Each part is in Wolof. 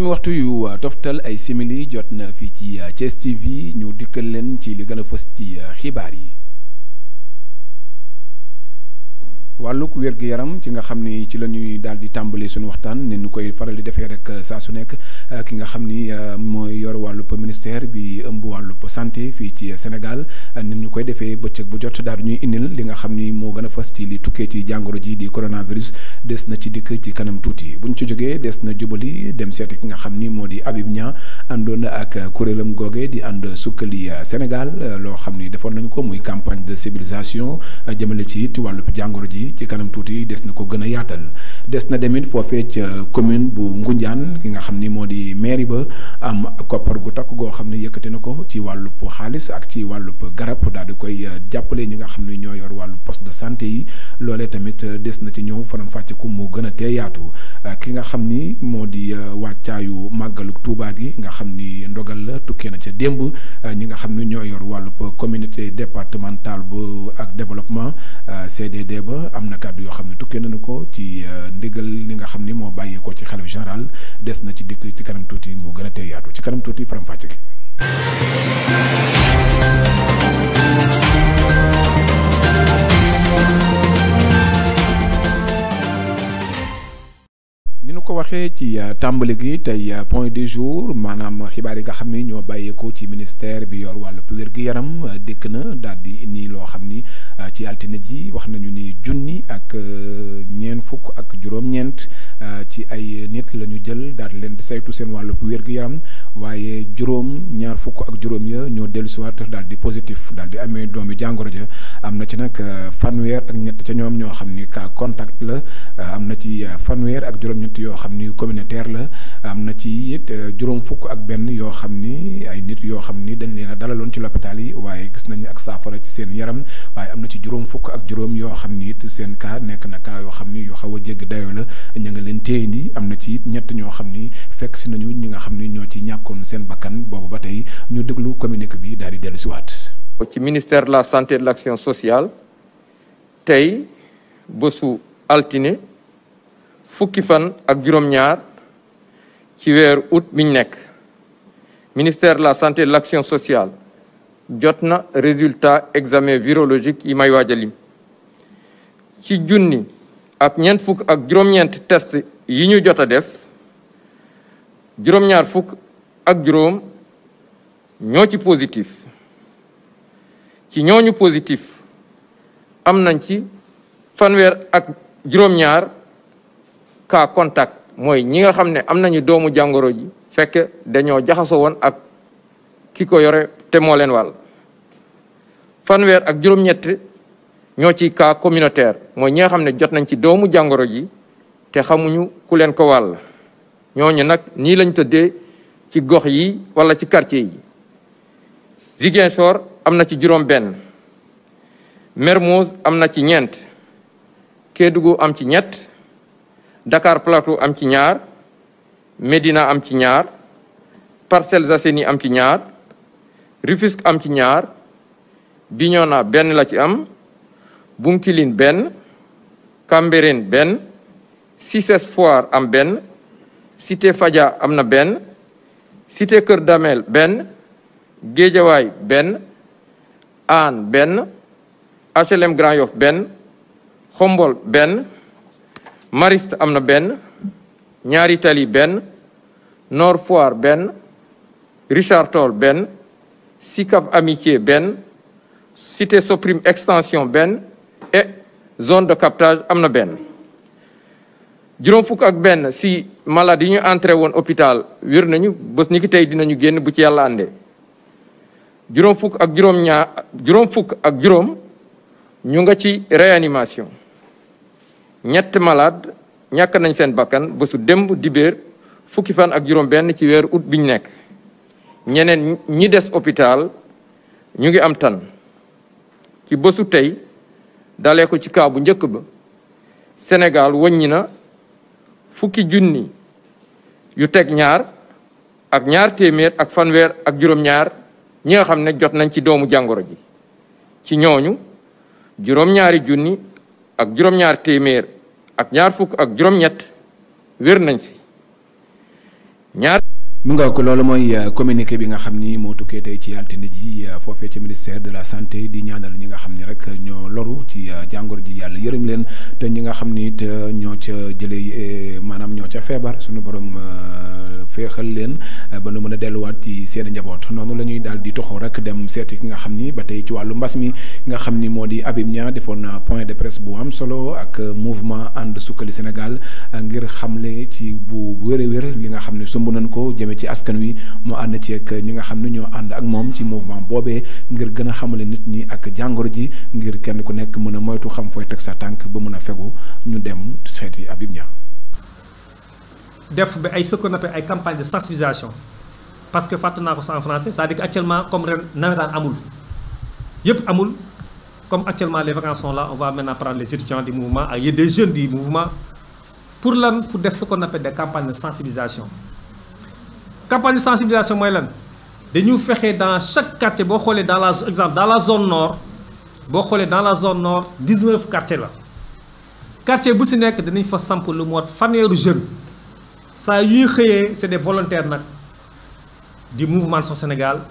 juróomi waxtu yu uh, toftal ay simili jot na fii ci uh, Thiès TV ñu dikkal leen ci li gën a fës ci uh, xibaar yi wàllug wér-gu-yaram ci nga xam ni ci la ñuy daal di tàmbali suñu waxtaan ne ñu koy faral di defee rek euh, saa su nekk euh, ki nga xam ni euh, mooy yor wàllub ministère bi ëmb wàllub santé fii ci Sénégal ni ñu koy defee bëccëg bu jot daal ñuy indil li nga xam ni moo gën a fas ci li tukkee ci jàngoro ji di coronavirus des na ci dikk ci kanam tuuti bu ñu ci jógee des na jubali dem seeti ki nga xam ni moo di Habib Niang àndoon ak kuréelam googe di ànd sukkali Sénégal loo xam ni defoon nañ ko muy campagne de civilisation jëmale ci it wàllub jàngoro ji ci kanam tuuti des na ko gën a yaatal des na demit foofee ca commune bu Ngunjaan ki nga xam ni moo di mairie ba am koppar gu takk goo xam ne yëkkati na ko ci wàllub xaalis ak ci wàllub garab daal di koy euh, jàppale ñi nga xam ne ñoo yor wàllu poste de santé yi loolee tamit euh, des na ci ñëw faram fàcce ku mu gën a tee yaatu Euh, ki nga xam ni moo di euh, wàccaayu màggalu Tuubaa gi nga xam ni ndogal la tukkee na ca démb euh, ñi nga xam ni ñoo yor wàllub communauté départementale bu ak développement CDD ba am na kàddu yoo xam ne tukkee nañu ko ci ndigal li nga xam ni moo bàyyeekoo ci xalif général des na ci dikk ci kanam tuuti moo gën a tey yaatu ci kanam tuuti faram-fàcce waxee ci euh, tàmbali gi tey euh, point du jour maanaam xibaar yi nga xam ni ñoo bàyyeekoo ci ministère bi yoor wàllu wér-gu-yaram euh, dikk na daal di nii loo xam ni ci altine ji wax nañu ni junni ak ñeent fukk ak juróom-ñeent ci ay nit la ñu jël daal di leen di saytu seen wàllu wér-gu-yaram waaye juróom ñaar fukk ak juróom ya ñoo dellu siwaat daal di positif daal di amee doomi jàngoro ja am na ci nag euh, fanweer ak ñett ca ñoom ñoo xam ni contact la euh, am na ci euh, fanweer ak juróom-ñett yoo xam ni communautaire la am na ci it juróom fukk ak benn yoo xam ni ay nit yoo xam ni dañ leen a dalaloon ci l'hôpital yi waaye gis nañ ak saafara ci seen yaram waaye am na ci juróom fukk ak juróom yoo xam ni seen cas nekk na cas yoo xam yu xaw a dayo la ña leen téye ni ci it ñett ñoo xam fekk si nañu ñi nga ñoo ci ñàpp ñàkkoon seen bakkan boobu ba tey ñu déglu communiqué bi daal di dellu si waat ci ministère la santé et de l'action sociale tey bësu altine fukki fan ak juróom-ñaar ci weeru août biñ nekk ministère la santé de l'action sociale jot na résultat examen virologique yi may waaj lim ci junni ak ñeent fukk ak juróom-ñeent test yi ñu jot a def juróom-ñaar fukk ak juróom ñoo ci positif ci ñooñu positif am nañ ci fanweer ak juróom-ñaar cas contact mooy ñi nga xam ne am nañu doomu jàngoro ji fekk dañoo jaxasoo woon ak ki ko yore te moo leen wàll fanweer ak juróom-ñett ñoo ci cas communautaire mooy ñi nga xam ne jot nañ ci doomu jàngoro ji te xamuñu ku leen ko wàll ñooñu nag nii lañ tëddee ci gox yi wala ci quartier yi Ziguinchor am na ci juróom benn Mermoz am na ci ñeent Kédougou am ci ñett Dakar Plateau am ci ñaar Médina am ci ñaar Parcelles Assainies am ci ñaar Rufisque am ci ñaar Bignona benn la ci am Bounkiling benn Cambérène benn Cissé Foire am benn Cité faja am na benn Cité cœur Damel Ben, Ben, Ben, Ben, Ben, HLM Grand Yoff Ben, Ben, Ben, Mariste Amna, Ben, Nyaritali, Ben, Tali Ben, Richard Toll Ben, Sikav Amitié Ben, Cité Supreme Extension Ben et zone de captage Amna. Ben. juróom fukk ak benn si malade yi ñu entrée woon hôpital wér nañu bës ni ki tey dinañu génn bu ci yàlla àndee juróom fukk ak juróom ñu nga ci réanimation ñett malade ñàkk nañ seen bakkan bésu démb dibéer fukki fan ak juróom benn ci weeru bi ñu nekk ñeneen ñi des hôpital ñu ngi am tan ci bësu tey dalee ko ci cas njëkk ba Sénégal wàññi na fukki junni yu teg ñaar ak ñaar téeméer ak fanweer ak juróom-ñaar ñi nga xam ne jot nañ ci doomu jàngoro ji ci ñooñu juróom-ñaari junni ak juróom-ñaar téeméer ak ñaar fukk ak juróom-ñett wér nañ si ñaar mi nga ko loolu mooy euh, communiqué bi nga xam ni moo tukkee tey ci altine ji euh, foofee ci ministère de la santé di ñaanal ñi nga xam ni rek ñoo loru ci euh, jàngoro ji yàlla yërëm leen te ñi nga xam ni it ñoo ca jëlee maanaam ñoo ca feebar suñu borom. féexal leen euh, ba nu mën a delluwaat ci seen njaboot noonu la ñuy daal di toxoo rek dem seeti ki nga xam ni ba tey ci wàllu mbas mi nga xam ni moo di Habib Niang defoon na point de presse bu am solo ak mouvement ànd sukkali Sénégal euh, ngir xamle ci bu wér a wér li nga xam ne sumb nañ ko jëmee ci askan wi mu ànd ci ak ñi nga xam ne ñoo ànd ak moom ci mouvement boobee ngir gën a xamale nit ñi ak jàngoro ji ngir kenn ku nekk mën a moytu xam fooy teg sa tànk ba mën a fegu ñu dem seeti Habib def bi ce qu'on appelle une campagne de sensibilisation parce que fàtte en français c'est-à-dire qu'actuellement, actuellement comme ren nawetaan amul yëpp amoul comme actuellement les vacances sont là on va maintenant prendre les étudiants du mouvement il y a des jeunes du mouvement pour la, pour def ce qu'on appelle des campagnes de sensibilisation campagne de sensibilisation mooy de nous faisons dans chaque quartier Par dans la exemple dans la zone nord dans la zone nord 19 quartiers là. quartier bu si nous pour fa le lu mot jeunes saa yuy xëyee c'est des volontaires nak. du mouvement Sox Sénégal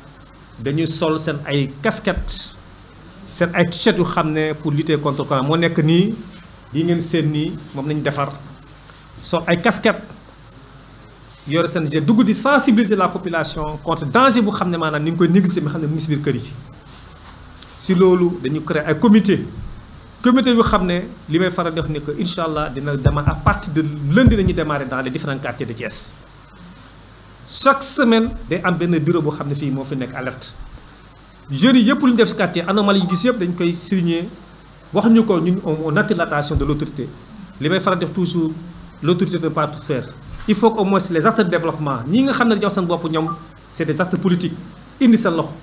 dañuy sol seen ay casquettes seen ay t-shirt yu xam ne pour lutter contre corona moo nekk nii yi ngeen seen ni moom nañu defar sol ay casquettes yore seen jet dugg di sensibiliser la population contre danger bu xam ne maanaam ni ngi koy négliger ma xam ne mu si biir kër yi dañu créer ay comité comité bi xamné limay faral def wax ni que incha allah dina démarrer à partir de lundi nañu démarrer dans les différents quartiers de Thiès chaque semaine day am ben bureau bo xamné fi mo fi nek alerte jeunes yi yëpp def ci quartier anomalie yi gis yëpp dañ koy signer wax ñu ko ñun on attire l'attention de l'autorité limay faral def toujours l'autorité ne pas tout faire il faut au moins les acteurs de développement ñi nga xamné ne jox seen bop ñom c'est des acteurs politiques indi seen loxo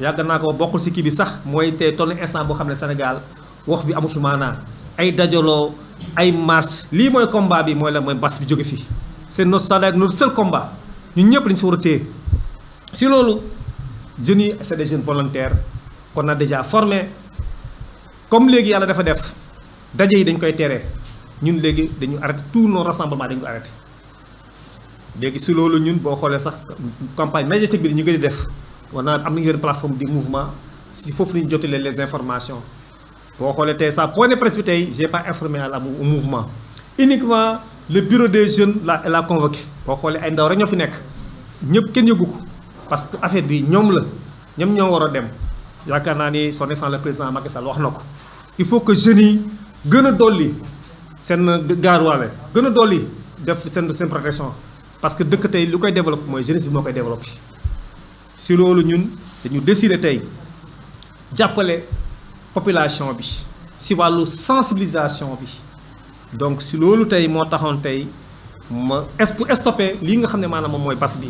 yàgg naa ko bokkul ci ki bi sax moy té toll instant bo xamné Sénégal wax bi amatu maanaa ay dajolo ay marche li moy combat bi moy la moy bas bi joge fi c'est notre salaire notre seul combat ñun ñëpp lañu si war a si lolu jeunes c'est des jeunes volontaires qu'on a déjà formé comme légui yalla dafa def dajé yi dañ koy téré ñun légui dañu arrêter tout nos rassemblements dañu ko arrêté léegi si lolu ñun bo xolé sax campagne médiatique bi ñu gën def war naa am une plateforme de mouvement si fofu ñu jotalee les informations boo xoolee ça sa point ne pas informé au mouvement uniquement le bureau des jeunes la la convoqué pour xoolee ay ndaw sommes fi parce que affaire bi ñoom la ñoom ñoo dem Il le président Macky Sall il faut que jeunes yi a def parce que jeunesse bi koy si nous ñun décider population bi si walu sensibilisation bi donc si vous tay mo taxone tay ma pour stopper li nga xam que moy bas bi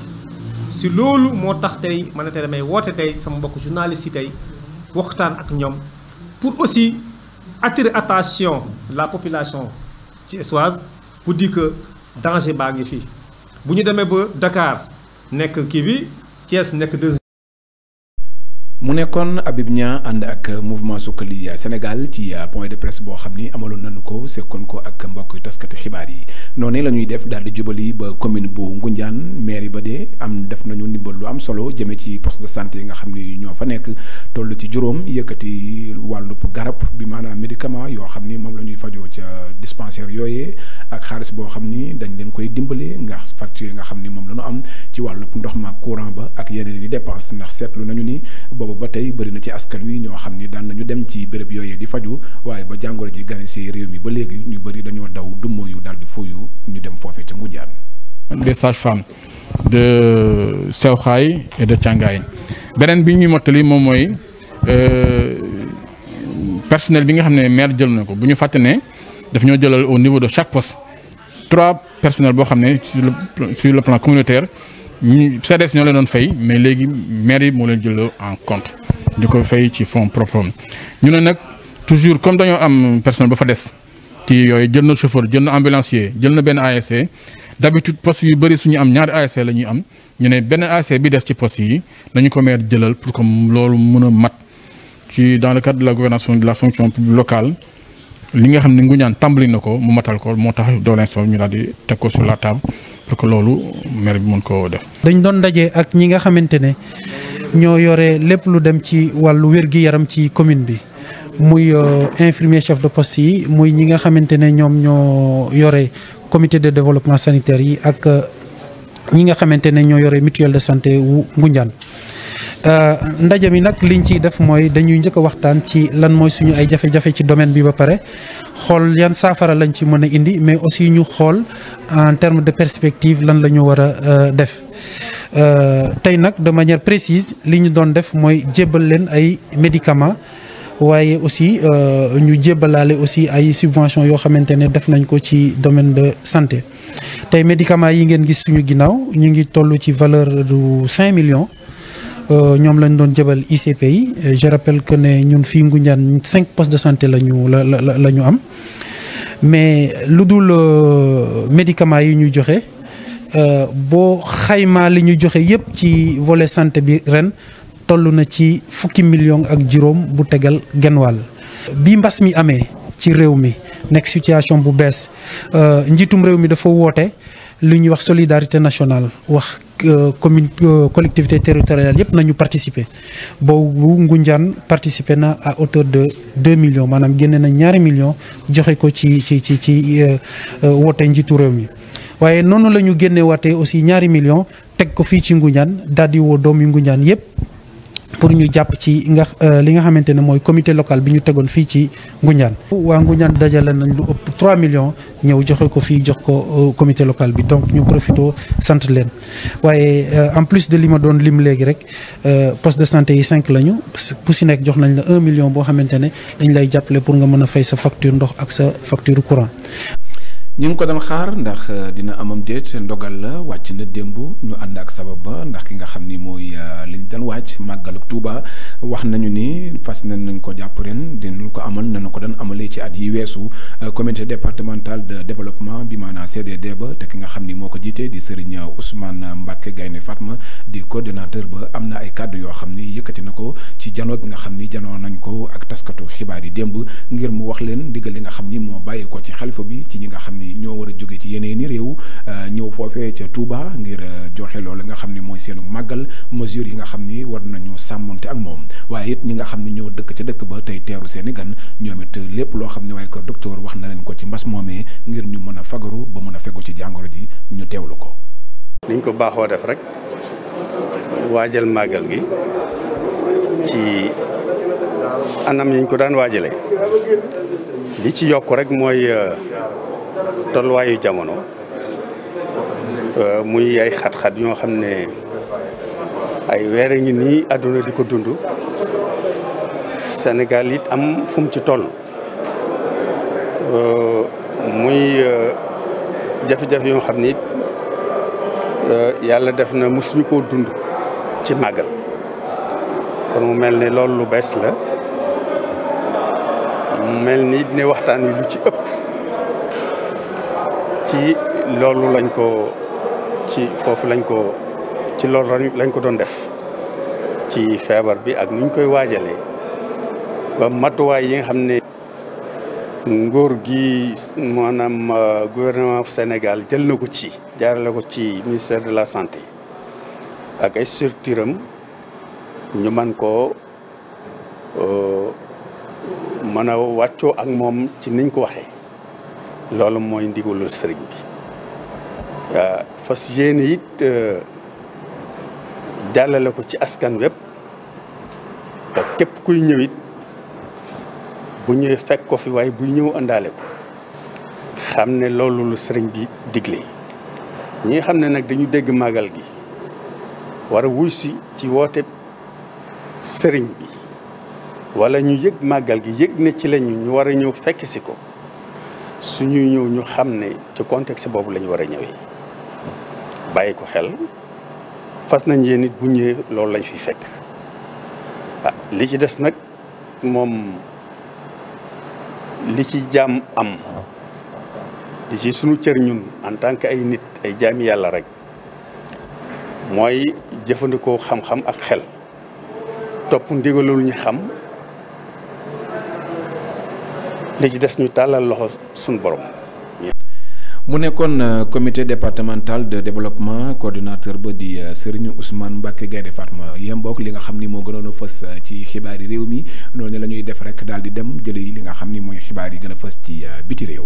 si lolu mo tax tay de sama journaliste pour aussi attirer attention la population ci Essoise pour dire que danger ba ngi fi buñu démé ba Dakar mu nekkoon Habib ñaa ànd ak mouvement sukkali Sénégal ci euh, point de presse boo xam ni amaloon nañu ko sekkoon ko ak mbokk taskati xibaar yi noonu la ñuy def daal di jubali ba commune bu Ngoundiane mairie ba de am def nañu ndimbal lu am solo jëmee ci poste de santé yi nga xam ni ñoo fa nekk toll ci juróom yëkkati bu garab bi maanaam médicament yoo xam ni moom la ñuy fajoo ca dispensaire yooyee ak xaalis boo xam ni dañ leen koy dimbale nga facture nga xam ni moom la am ci wàllub ndox ma courant ba ak yeneen i dépense ndax seetlu nañu ni ba tey bëri na ci askan wi ñoo xam ni daan nañu dem ci béréb yooyu di faju waaye ba jàngoro ji gane si réew mi ba léegi ñu bëri dañoo daw dummoo yu daal di fooyu ñu dem foofee ca Ngoundiane. des sages-femmes de xaay et de Thiangaye beneen bi ñuy mottali moom mooy euh, personnel bi nga xam ne maire jël na ko bu ñu fàtte ne ñoo jëlal au niveau de chaque poste trois personnels boo xam ne sur sur le plan communautaire. CDS ñoo leen doon fay mais légui maire mo leen jël en compte di ko fay ci fond propre ñu né nak toujours comme dañu am personnel ba fa dess ci yoy jël na chauffeur jël na ambulancier jël na ben ASC d'habitude poste yu bari suñu am ñaar ASC la am ñu né ben ASC bi dess ci poste yi dañu ko maire jëlal pour que loolu mëna mat ci dans le cadre de la gouvernance de la fonction publique locale li nga xam ne nguñaan tàmbali na mu matal ko moo tax doole ñu daal di ko sur la table pour que loolu maire bi mën koo def. dañ doon daje ak ñi nga xamante ne ñoo yore lépp lu dem ci wàllu wér-gi-yaram ci commune bi muy euh, infirmier chef de poste yi muy ñi nga xamante ne ñoom ñoo yore comité de développement sanitaire yi ak euh, ñi nga xamante ne ñoo yore mutuelle de santé wu Ngoundiane. Euh, ndaje mi nag liñ ciy def mooy dañuy njëkk a waxtaan ci lan mooy suñu ay jafe-jafe ci domaine bi ba pare xool yan saafara lañ ci mën a indi mais aussi ñu xool en terme de perspective lan la ñu war a euh, def. Euh, tey nag de manière précise li ñu doon def mooy jébbal leen ay médicament waaye aussi ñu jébbalaale aussi ay subventions yoo xamante ne def nañ ko ci domaine de santé tey médicaments yi ngeen gis suñu ginnaaw ñu ngi toll ci valeur du 5 millions. Euh, ñoom lañ doon jëbal ICP je rappelle que ne ñun fii Ngoundiane cinq postes de santé la ñu la la la ñu am mais lu dul euh, médicaments yi ñu joxe euh, boo xaymaa li ñu joxe yépp ci volet santé bi ren toll na ci fukki million ak juróom bu tegal genn wàll bi mbas mi ci réew mi situation bu bees njiitum réew mi dafa woote lu ñuy wax solidarité nationale wax Euh, commune euh, collectivité territoriale yëpp nañu participer boobu Ngunjaan participer na à hauteur de deux millions maanaam génne na ñaari millions joxe ko ci ci ci ci euh, woote njiitu réew mi waaye noonu la ñu génne waatee aussi ñaari millions teg ko fii ci Ngunjaan daal di woo doomi Ngunjaan yëpp pour ñu jàpp ci nga euh, li nga xamante ne mooy comité local bi ñu tegoon fii ci Ngoundiane waa Ngoundiane dajale nañ lu ëpp trois millions ñëw joxe ko fii jox ko euh, comité local bi donc ñu profito sant leen waaye euh, en plus de li ma doon lim léegi rek poste de santé yi 5 lañu bu si nekk jox nañ la un million boo xamante ne dañ lay jàppale pour nga mën a fay sa facture ndox ak sa facture courant ñu ko doon xaar ndax euh, dina amam deet ndogal la wàcc na démb ñu ànd ak sabab ba ndax ki nga xam ni mooy euh, liñ daan wàcc màggal ak Touba wax nañu ni fas nañ nañ ko jàpp ren dinañ ko amal nañ ko dan amalee ci at yi weesu euh, comité départemental de développement bi maanaam CDD ba te ki nga xam ni moo ko jiite di Serigne Ousmane Mbacke Gayne Fatma di coordinateur ba am na ay kàddu yoo xam ni yëkkati na ko ci janoo nga xam ni janoo nañ ko ak taskatu xibaar yi ngir mu wax leen ndigal li nga xam ni moo ko ci xalifa bi ci ñi nga xam ni ñoo war a jóge ci yeneen i réew euh, ñëw foofee ca Touba ngir euh, joxe loolu nga xam ni mooy seenu màggal mesure yi nga xam ni war nañu sàmmonte ak moom waaye it ñi nga xam ni ñoo dëkk ca dëkk ba tey teeru seeni gan ñoom it lépp loo xam ne docteur wax na leen ko ci mbas moomee ngir ñu mën a fagaru ba mën a fegu ci jàngoro ji ñu teewlu ko. niñ ko baaxoo def rek waajal màggal gi ci anam yiñ ko daan waajalee li ci yokk rek mooy. Euh, tolluwaayu jamono euh, muy ay xat-xat yoo xam ne ay weera a ngi nii àdduna di ko dund Sénégal it am fum ci toll euh, muy euh, jafe-jafe yoo xam ni yàlla def na mosuñu koo dund ci màggal kon mu mel ni loolu lu bees la mu mel ni ne waxtaan wi lu ci ëpp ci loolu lañ ko ci foofu lañ ko ci loolu lañ ko doon def ci feebar bi ak nuñ koy waajalee ba matuwaay yi xam ne nguur gi maanaam euh, gouvernement Sénégal jël na ko ci jaarale ko ci ministère de la santé ak ay structure am ñu man ko euh, mën a wàccoo ak moom ci niñ ko waxee loolu mooy ndigalul sëriñ bi waa fas yéene it euh, jàllale ko ci askan wépp képp kuy ñëwit bu ñëwee fekk ko fi waaye buy ñëw àndaale ko xam ne loolu lu sëriñ bi digle ñi xam ne nag dañu dégg màggal gi war a si ci woote sëriñ bi wala ñu yëg màggal gi yëg ne ci lañu ñu war a ñëw fekk si ko suñuy ñëw ñu xam ne ci contexte boobu lañu ñu war a ñëwee bàyyi ko xel fas na yéen nit bu ñëwee loolu lañ fiy fekk ah li ci des nag moom li ci jaam am li ci suñu cër ñun en tant que ay nit ay jaami yàlla rek mooy jëfandikoo xam-xam ak xel topp ndigalul ñu xam li ci des ñu tàllal loxo suñu borom. mu nekkoon euh, commité départemental de développement coordinateur ba di euh, Serigne Ousmane Mbacke Gaynde Fatma yem bokk li nga xam ni moo gënoon a fës euh, ci yi réew mi noonu la ñuy def rek daal di dem jëli li nga xam ni mooy xibaar yi gën a fës ci biti réew.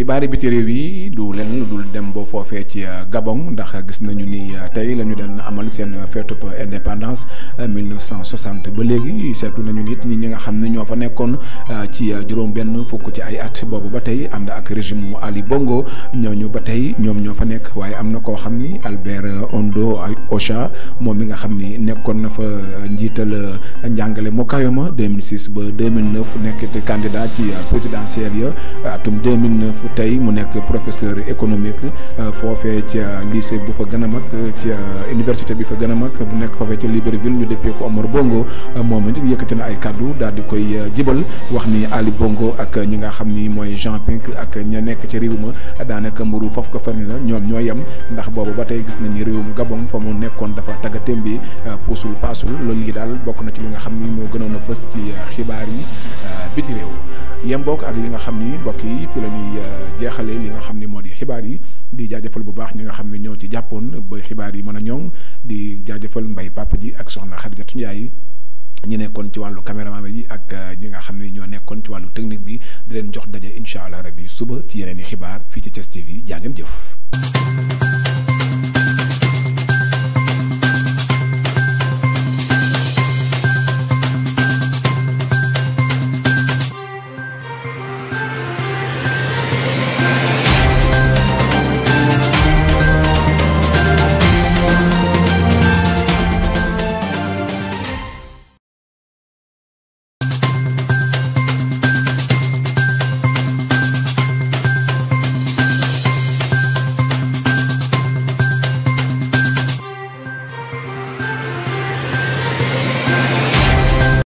xibaari biti réew yi du leen dul dem ba foofee ci euh, Gabon ndax gis nañu ni euh, tey la ñu doon amal seen feetub indépendance 1960 ba léegi seetu nañu nit ñi ñi nga xam ne ñoo fa nekkoon euh, ci juróom-benn fukk ci ay at boobu ba tey ànd ak régime Ali Bongo ñooñu ba tey ñoom ñoo fa nekk waaye am na koo xam ni Albert Ondo Ocha moom mi nga xam ni nekkoon na fa njiital njàngale Mokayoma 2006 ba 2009 nekk candidat ci présidentielle ya atum tey mu nekk professeur économique euh, foofee ca lycée bu fa gën a mag euh, ca université bi fa gën a mag mu nekk foofee ca Libreville ñu déppee ko Omar Bongo euh, moom it yëkkati na ay kàddu daal di koy jibal wax ni Ali Bongo ak ñi nga xam ni mooy Jean Ping ak ña nekk ca réew ma daanaka mburu foofu ko farni la ñoom ñoo yem ndax boobu ba tey gis nañu réewum Gabon fa mu nekkoon dafa taggatéem bi puusul paasul loolu yi daal bokk na ci li nga xam ni moo gënoon a fës ci xibaar yi biti réew yem ak li nga xam ni mbokk yi fi la ñuy euh, jeexalee li nga xam ni moo di xibaar yi di jaajëfal bu baax ñi nga xam ne ñoo ci jàppoon ba xibaar yi mën a ñoŋ di jaajëfal mbay papa ji ak soxna Xarijatu Njaay ñi nekkoon ci wàllu caméraman yi ak euh, ñi nga xam ne ñoo nekkoon ci wàllu technique bi di leen jox daje incha allah rabi suba ci yeneen yi xibaar fii ci Thiès TV jaa ngeen jëf.